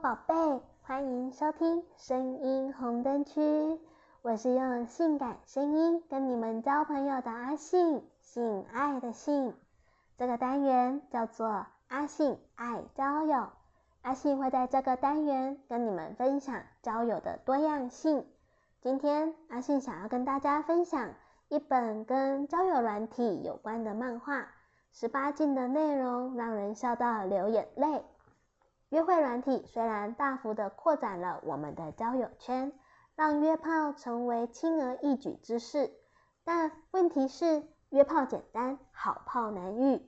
寶貝，歡迎收聽聲音紅燈區。我是用性感聲音跟你們交朋友的阿性，性愛的性。這個單元叫做阿性愛交友，阿性會在這個單元跟你們分享交友的多樣性。今天阿性想要跟大家分享一本跟交友軟體有關的漫畫，十八禁的內容讓人笑到流眼淚。約會軟體雖然大幅的擴展了我們的交友圈，讓約炮成為輕而易舉之事，但問題是，約炮簡單，好炮難遇。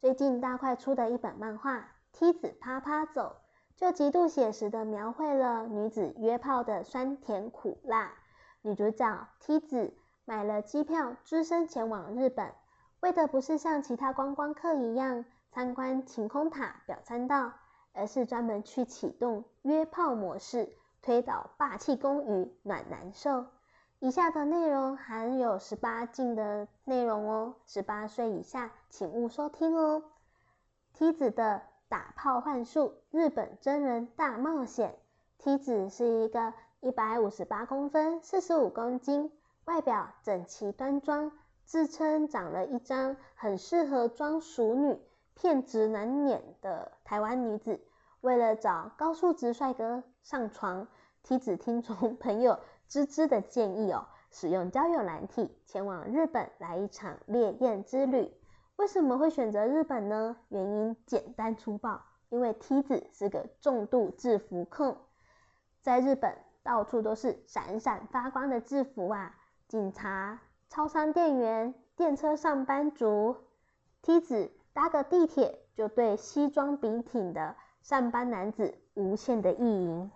最近大塊出的一本漫畫《T 子啪啪走》，就極度寫實地描繪了女子約炮的酸甜苦辣。女主角 T 子買了機票，隻身前往日本，為的不是像其他觀光客一樣參觀晴空塔、表參道。而是專門去啟動約炮模式，推倒霸氣攻與暖男受。以下的內容含有十八禁的內容哦，十八歲以下請勿收聽哦。T 子的打炮換宿，日本真人大冒險。T 子是一個一百五十八公分，四十五公斤，外表整齊端莊，自稱長了一張很適合裝熟女片直男臉的台灣女子，為了找高素質帥哥上床，T 子聽從朋友吱吱的建議哦，使用交友軟體前往日本來一場獵豔之旅。為什麼會選擇日本呢？原因簡單粗暴，因為 T 子是個重度制服控，在日本到處都是閃閃發光的制服啊，警察、超商店員、電車上班族，T 子，搭個地鐵就對西裝筆挺的上班男子無限的意淫。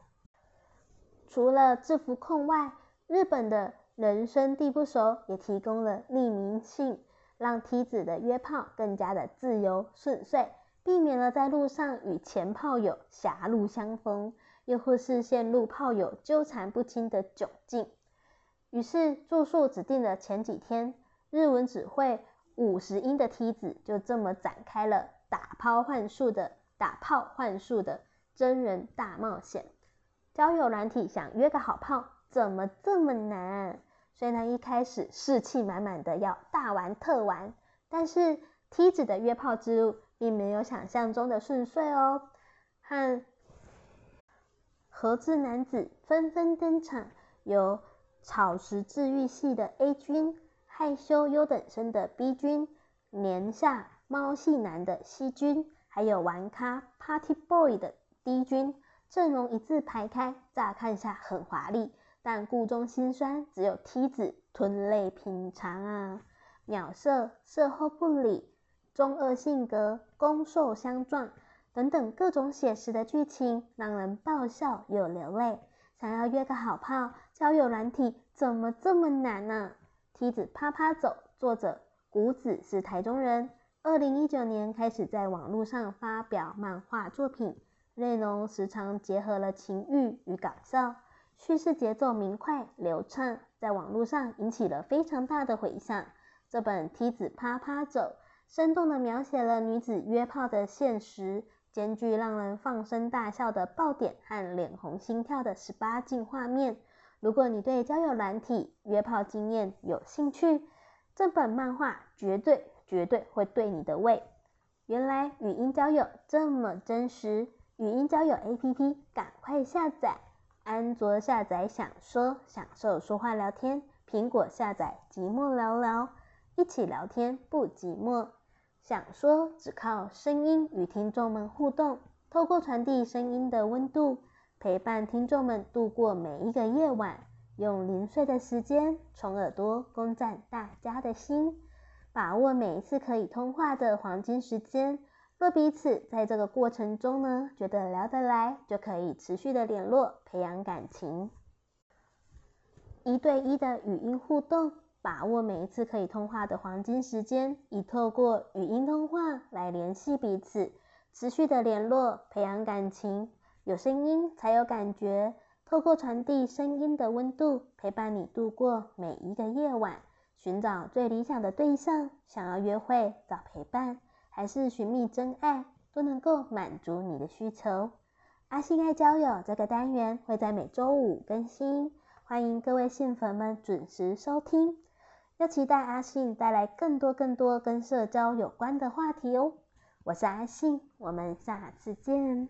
除了制服控外，日本的人生地不熟也提供了匿名性，讓 T 子的約炮更加的自由順遂，避免了在路上與前炮友狹路相逢，又或是陷入炮友糾纏不清的窘境。於是住宿指定的前幾天，日文只會五十英的梯子就這麼展開了打炮換宿的打炮換宿的真人大冒險。交友軟體想約個好炮，怎麼這麼難？雖然一開始士氣滿滿的要大玩特玩，但是梯子的約炮之路並沒有想象中的順遂哦。和合字男子紛紛登場，有草食治癒系的 A 君。害羞優等生的 B 君，年下貓系男的 C 君，還有玩咖 Party Boy 的 D 君，陣容一字排開，乍看一下很華麗，但箇中辛酸，只有 T 子吞淚品嘗啊。秒射射後不理，中二性格攻受相撞，等等各種寫實的劇情，讓人爆笑又流淚。想要約個好炮，交友軟體怎麼這麼難呢、啊？T 子啪啪走，作者谷子是台中人，二零一九年開始在網絡上發表漫畫作品，內容時常結合了情欲與搞笑，敘事節奏明快流暢，在網絡上引起了非常大的回響。這本《T 子啪啪走》生動地描寫了女子約炮的現實，兼具讓人放聲大笑的爆點和臉紅心跳的十八禁畫面。如果你對交友軟體，約炮經驗有興趣，這本漫畫絕對絕對會對你的胃。原來語音交友這麼真實，語音交友 APP 趕快下載。安卓下載享說，享受說話聊天，蘋果下載寂寞聊聊，一起聊天不寂寞。享說只靠聲音與聽眾們互動，透過傳遞聲音的溫度。陪伴聽眾們度過每一個夜晚，用零碎的時間從耳朵攻占大家的心，把握每一次可以通話的黃金時間。若彼此在這個過程中呢，覺得聊得來，就可以持續的聯絡，培養感情。一對一的語音互動，把握每一次可以通話的黃金時間，以透過語音通話來聯繫彼此，持續的聯絡，培養感情。有聲音才有感覺，透過傳遞聲音的溫度，陪伴你度過每一個夜晚。尋找最理想的對象，想要約會找陪伴，還是尋覓真愛，都能夠滿足你的需求。阿性愛交友這個單元會在每周五更新，歡迎各位性粉們準時收聽。要期待阿性帶來更多更多跟社交有關的話題哦。我是阿性，我們下次見。